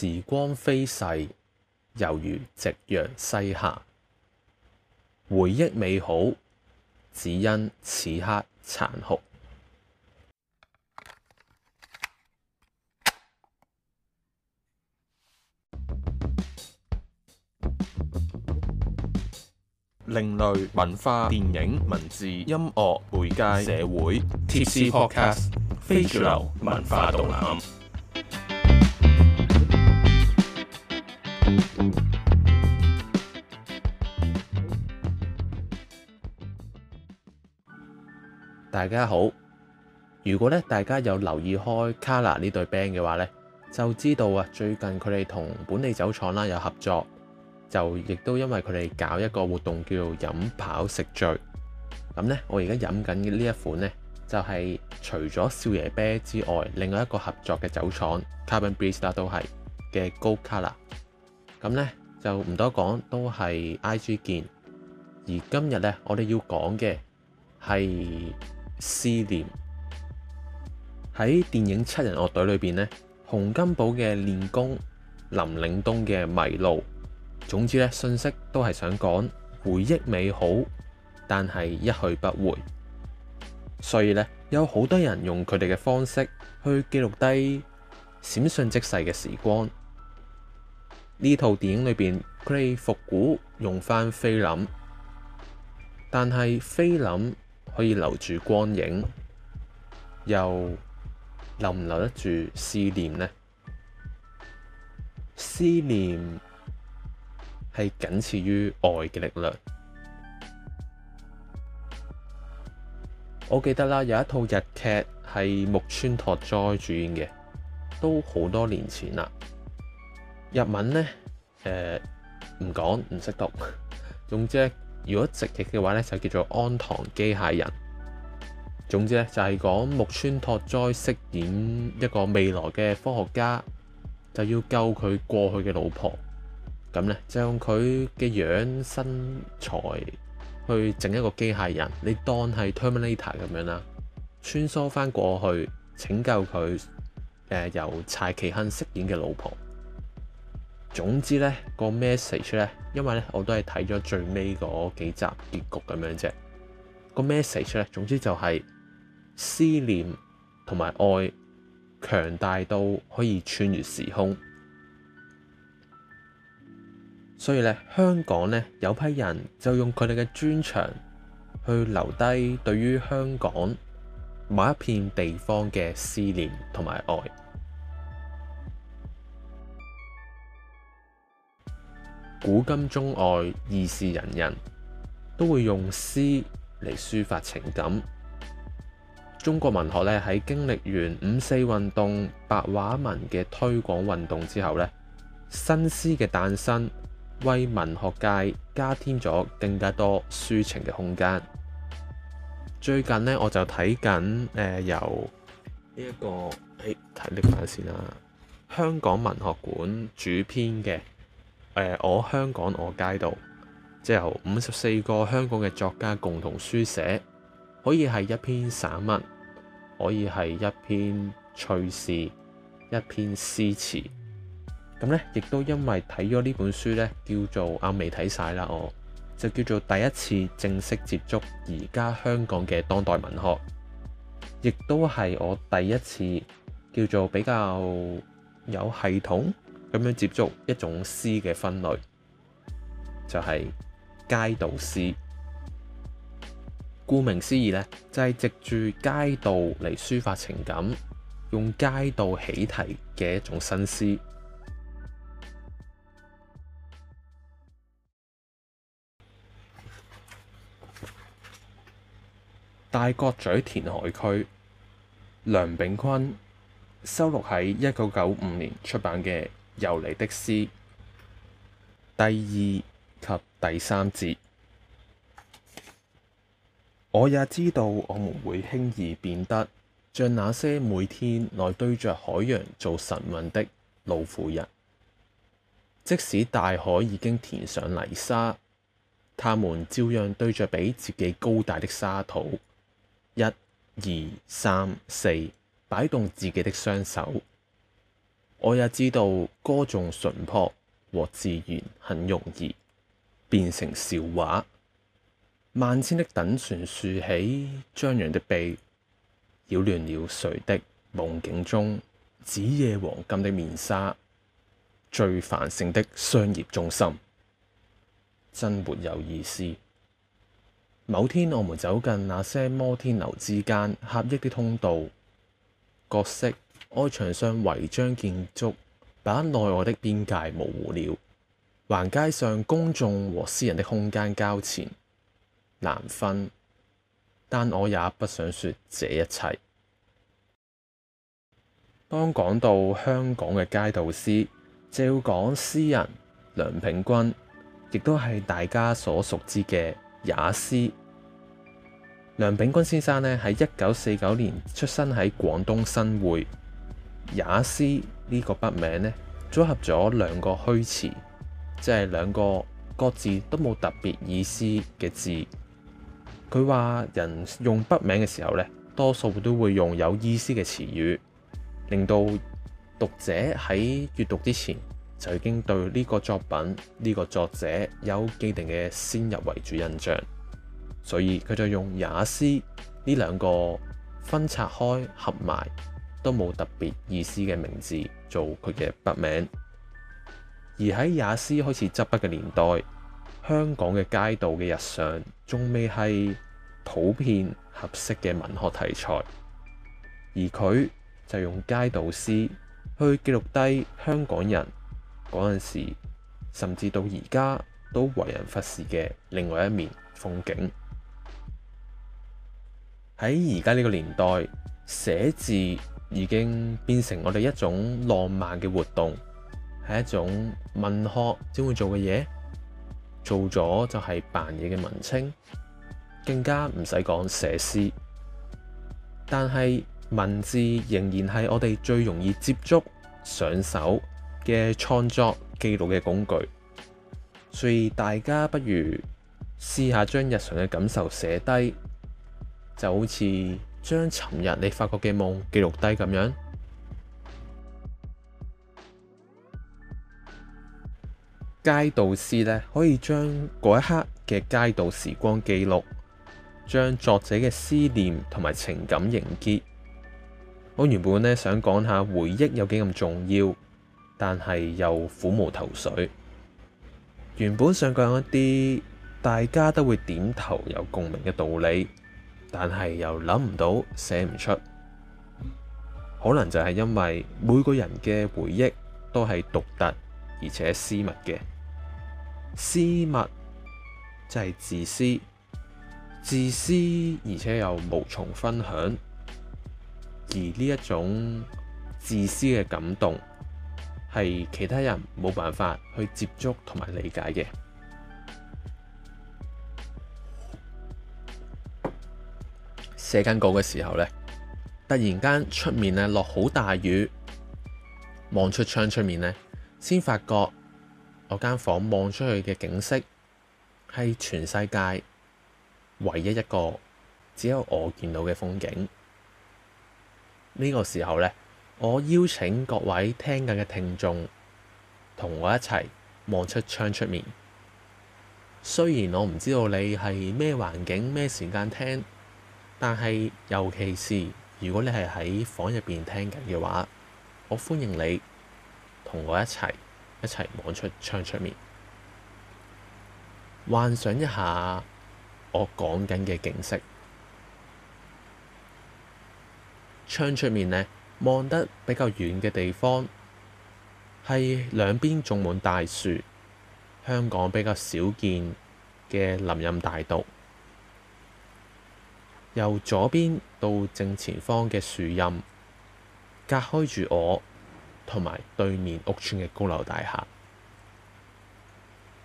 時光飛逝，猶如夕陽西下。回憶美好，只因此刻殘酷。另類文化、電影、文字、音樂、媒介、社會、貼士、Podcast、非主流文化導覽。大家好，如果咧大家有留意開卡納呢對 band 嘅話咧，就知道啊最近佢哋同本地酒廠啦有合作，就亦都因為佢哋搞一個活動叫做飲跑食醉。咁咧，我而家飲緊嘅呢一款咧，就係除咗少爺啤之外，另外一個合作嘅酒廠 Carbon Brewster 都係嘅 Gold Color。咁咧就唔多講，都係 I G 見。而今日咧，我哋要講嘅係。思念喺電影《七人樂隊》裏邊呢，洪金寶嘅練功，林嶺東嘅迷路，總之咧，信息，都係想講回憶美好，但係一去不回。所以咧，有好多人用佢哋嘅方式去記錄低閃瞬即逝嘅時光。呢套電影裏邊，佢哋復古用翻菲林，但係菲林。可以留住光影，又留唔留得住思念呢？思念係僅次於愛嘅力量。我記得啦，有一套日劇係木村拓哉主演嘅，都好多年前啦。日文呢，誒、呃，唔講唔識讀，總之。如果直譯嘅話咧，就叫做安堂機械人。總之咧，就係講木村拓哉飾演一個未來嘅科學家，就要救佢過去嘅老婆。咁咧就用佢嘅樣、身材去整一個機械人，你當係 Terminator 咁樣啦，穿梭翻過去拯救佢。誒，由柴崎幸飾演嘅老婆。總之呢個 message 呢，因為呢我都係睇咗最尾嗰幾集結局咁樣啫。個 message 呢，總之就係思念同埋愛強大到可以穿越時空。所以呢，香港呢有批人就用佢哋嘅專長去留低對於香港某一片地方嘅思念同埋愛。古今中外，意事人人，都會用詩嚟抒發情感。中國文學咧，喺經歷完五四運動、白話文嘅推廣運動之後咧，新詩嘅誕生，為文學界加添咗更加多抒情嘅空間。最近咧，我就睇緊誒，由呢一個誒睇呢塊先啦。香港文學館主編嘅。呃，我香港我街道，即由五十四個香港嘅作家共同書寫，可以係一篇散文，可以係一篇趣事，一篇詩詞，咁咧，亦都因為睇咗呢本書咧，叫做啱未睇晒啦，我就叫做第一次正式接觸而家香港嘅當代文學，亦都係我第一次叫做比較有系統。咁樣接觸一種詩嘅分類，就係街道詩。顧名思義呢，就係藉住街道嚟抒發情感，用街道起題嘅一種新詩。大角咀填海區，梁秉鈞收錄喺一九九五年出版嘅。遊嚟的詩，第二及第三節。我也知道我們會輕易變得像那些每天來堆着海洋做晨運的老婦人，即使大海已經填上泥沙，他們照樣堆着比自己高大的沙土，一、二、三、四，擺動自己的雙手。我也知道歌頌淳朴和自然很容易變成笑話。萬千的等船豎起張揚的臂，擾亂了誰的夢境中紫夜黃金的面紗？最繁盛的商業中心，真沒有意思。某天我們走進那些摩天樓之間狹隘的通道，角色。外牆上違章建築，把內外的邊界模糊了。橫街上公眾和私人的空間交纏難分，但我也不想說這一切。當講到香港嘅街道詩，就要講詩人梁秉鈞，亦都係大家所熟知嘅也斯。梁秉鈞先生呢，喺一九四九年出生喺廣東新會。也斯呢、這個筆名呢，組合咗兩個虛詞，即係兩個各自都冇特別意思嘅字。佢話人用筆名嘅時候呢，多數都會用有意思嘅詞語，令到讀者喺閱讀之前就已經對呢個作品、呢、這個作者有既定嘅先入為主印象。所以佢就用也斯呢兩個分拆開合埋，都冇特別意思嘅名字做佢嘅筆名，而喺也斯開始執筆嘅年代，香港嘅街道嘅日常仲未係普遍合適嘅文學題材，而佢就用街道詩去記錄低香港人嗰陣時，甚至到而家都為人忽視嘅另外一面風景。喺而家呢個年代寫字。已經變成我哋一種浪漫嘅活動，係一種文學先會做嘅嘢，做咗就係扮嘢嘅文青，更加唔使講寫詩。但係文字仍然係我哋最容易接觸、上手嘅創作記錄嘅工具，所以大家不如試下將日常嘅感受寫低，就好似～將尋日你發覺嘅夢記錄低，咁樣街道詩呢，可以將嗰一刻嘅街道時光記錄，將作者嘅思念同埋情感凝結。我原本呢，想講下回憶有幾咁重要，但係又苦無頭緒。原本想講一啲大家都會點頭有共鳴嘅道理。但係又諗唔到，寫唔出，可能就係因為每個人嘅回憶都係獨特而且私密嘅，私密就係自私，自私而且又無從分享，而呢一種自私嘅感動係其他人冇辦法去接觸同埋理解嘅。寫緊稿嘅時候呢，突然間出面呢，落好大雨，望出窗出面呢，先發覺我間房望出去嘅景色係全世界唯一一個只有我見到嘅風景。呢個時候呢，我邀請各位聽緊嘅聽眾同我一齊望出窗出面。雖然我唔知道你係咩環境、咩時間聽。但係，尤其是如果你係喺房入邊聽緊嘅話，我歡迎你同我一齊一齊望出窗出面，幻想一下我講緊嘅景色。窗出面呢，望得比較遠嘅地方係兩邊種滿大樹，香港比較少見嘅林蔭大道。由左邊到正前方嘅樹蔭，隔開住我同埋對面屋村嘅高樓大廈。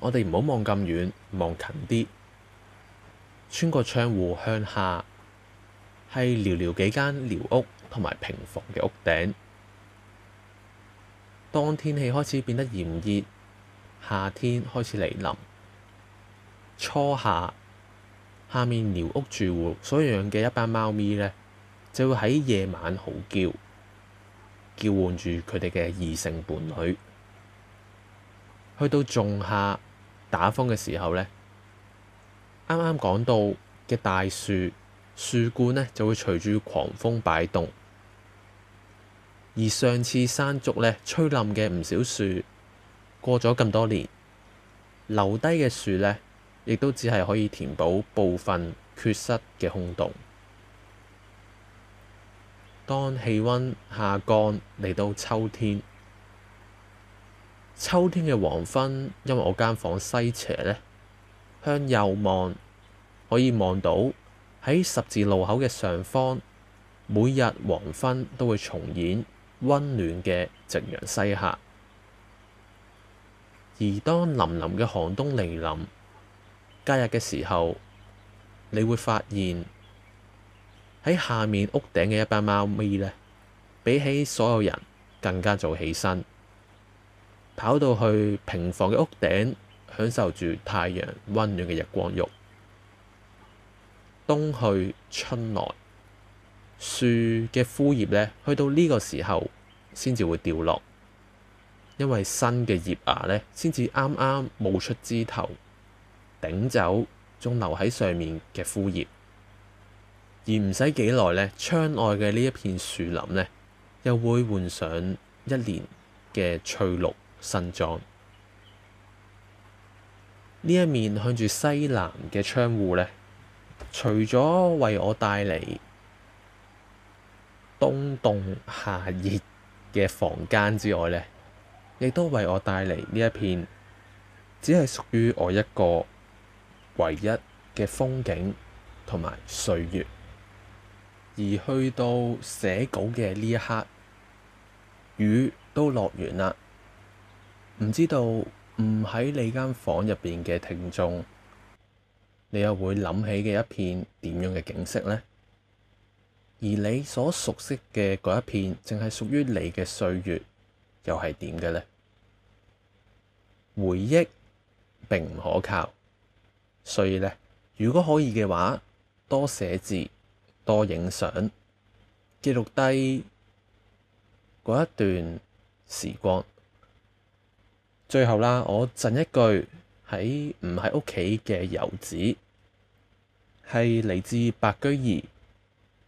我哋唔好望咁遠，望近啲。穿過窗戶向下，係寥寥幾間寮屋同埋平房嘅屋頂。當天氣開始變得炎熱，夏天開始嚟臨，初夏。下面寮屋住戶所養嘅一班貓咪呢，就會喺夜晚嚎叫，叫喚住佢哋嘅異性伴侶。去到仲夏打風嘅時候呢，啱啱講到嘅大樹樹冠呢就會隨住狂風擺動。而上次山竹呢，吹冧嘅唔少樹，過咗咁多年，留低嘅樹呢。亦都只係可以填補部分缺失嘅空洞。當氣温下降嚟到秋天，秋天嘅黃昏，因為我間房西斜呢，向右望可以望到喺十字路口嘅上方，每日黃昏都會重演温暖嘅夕陽西下。而當凜凜嘅寒冬嚟臨。假日嘅時候，你會發現喺下面屋頂嘅一班貓咪呢，比起所有人更加早起身，跑到去平房嘅屋頂，享受住太陽温暖嘅日光浴。冬去春來，樹嘅枯葉呢，去到呢個時候先至會掉落，因為新嘅葉芽呢，先至啱啱冒出枝頭。頂走仲留喺上面嘅枯葉，而唔使幾耐咧，窗外嘅呢一片樹林咧，又會換上一年嘅翠綠新裝。呢一面向住西南嘅窗戶咧，除咗為我帶嚟冬凍夏熱嘅房間之外咧，亦都為我帶嚟呢一片，只係屬於我一個。唯一嘅風景同埋歲月，而去到寫稿嘅呢一刻，雨都落完啦。唔知道唔喺你間房入邊嘅聽眾，你又會諗起嘅一片點樣嘅景色呢？而你所熟悉嘅嗰一片，淨係屬於你嘅歲月，又係點嘅呢？回憶並唔可靠。所以咧，如果可以嘅話，多寫字，多影相，記錄低嗰一段時光。最後啦，我贈一句喺唔喺屋企嘅遊子，係嚟自白居易《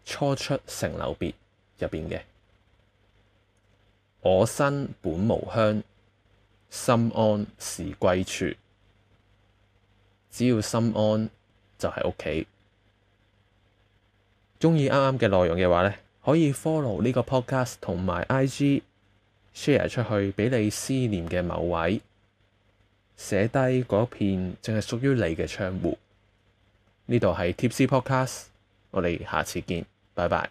初出城留別》入邊嘅：我生本無鄉，心安是歸處。只要心安就係屋企。鍾意啱啱嘅內容嘅話咧，可以 follow 呢個 podcast 同埋 IG share 出去畀你思念嘅某位，寫低嗰片淨係屬於你嘅窗戶。呢度係 Tipsy Podcast，我哋下次見，拜拜。